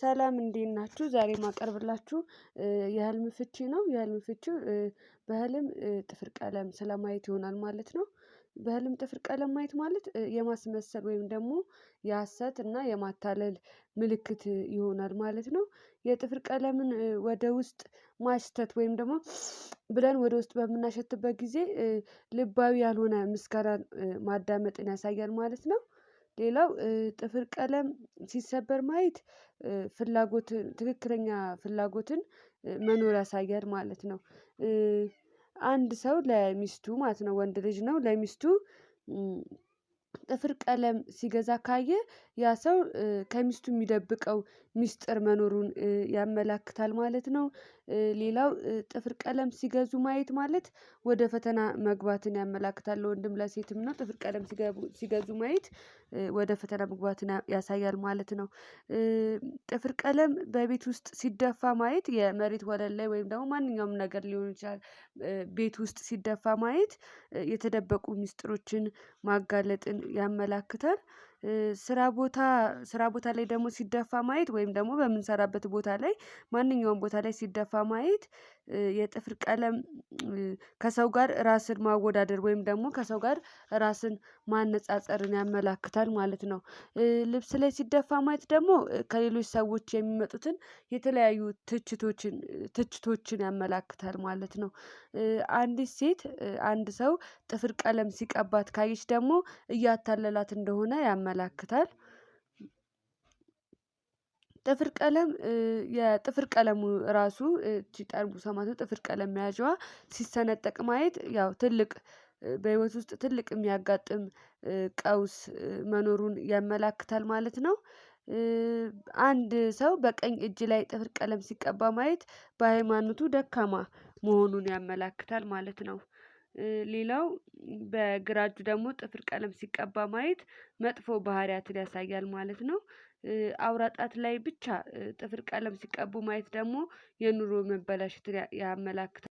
ሰላም እንዴት ናችሁ ዛሬ የማቀርብላችሁ የህልም ፍቺ ነው የህልም ፍቺው በህልም ጥፍር ቀለም ስለማየት ይሆናል ማለት ነው። በህልም ጥፍር ቀለም ማየት ማለት የማስመሰል ወይም ደግሞ የሀሰት እና የማታለል ምልክት ይሆናል ማለት ነው። የጥፍር ቀለምን ወደ ውስጥ ማሽተት ወይም ደግሞ ብለን ወደ ውስጥ በምናሸትበት ጊዜ ልባዊ ያልሆነ ምስጋናን ማዳመጥን ያሳያል ማለት ነው ሌላው ጥፍር ቀለም ሲሰበር ማየት ትክክለኛ ፍላጎትን መኖር ያሳያል ማለት ነው። አንድ ሰው ለሚስቱ ማለት ነው ወንድ ልጅ ነው ለሚስቱ ጥፍር ቀለም ሲገዛ ካየህ ያ ሰው ከሚስቱ የሚደብቀው ሚስጥር መኖሩን ያመላክታል ማለት ነው። ሌላው ጥፍር ቀለም ሲገዙ ማየት ማለት ወደ ፈተና መግባትን ያመላክታል ለወንድም ለሴትም ነው ጥፍር ቀለም ሲገዙ ማየት ወደ ፈተና መግባትን ያሳያል ማለት ነው። ጥፍር ቀለም በቤት ውስጥ ሲደፋ ማየት የመሬት ወለል ላይ ወይም ደግሞ ማንኛውም ነገር ሊሆን ይችላል። ቤት ውስጥ ሲደፋ ማየት የተደበቁ ሚስጥሮችን ማጋለጥን ያመላክታል ስራ ቦታ ስራ ቦታ ላይ ደግሞ ሲደፋ ማየት ወይም ደግሞ በምንሰራበት ቦታ ላይ ማንኛውም ቦታ ላይ ሲደፋ ማየት የጥፍር ቀለም ከሰው ጋር ራስን ማወዳደር ወይም ደግሞ ከሰው ጋር ራስን ማነጻጸርን ያመላክታል ማለት ነው። ልብስ ላይ ሲደፋ ማየት ደግሞ ከሌሎች ሰዎች የሚመጡትን የተለያዩ ትችቶችን ትችቶችን ያመላክታል ማለት ነው። አንዲት ሴት አንድ ሰው ጥፍር ቀለም ሲቀባት ካየች ደግሞ እያታለላት እንደሆነ ያመላክታል። ጥፍር ቀለም የጥፍር ቀለሙ ራሱ ይቺ ጠርሙሷ ጥፍር ቀለም መያዣዋ ሲሰነጠቅ ማየት ያው ትልቅ በህይወት ውስጥ ትልቅ የሚያጋጥም ቀውስ መኖሩን ያመላክታል ማለት ነው። አንድ ሰው በቀኝ እጅ ላይ ጥፍር ቀለም ሲቀባ ማየት በሃይማኖቱ ደካማ መሆኑን ያመላክታል ማለት ነው ሌላው በግራ እጁ ደግሞ ጥፍር ቀለም ሲቀባ ማየት መጥፎ ባህሪያትን ያሳያል ማለት ነው። አውራ ጣት ላይ ብቻ ጥፍር ቀለም ሲቀቡ ማየት ደግሞ የኑሮ መበላሸትን ያመላክታል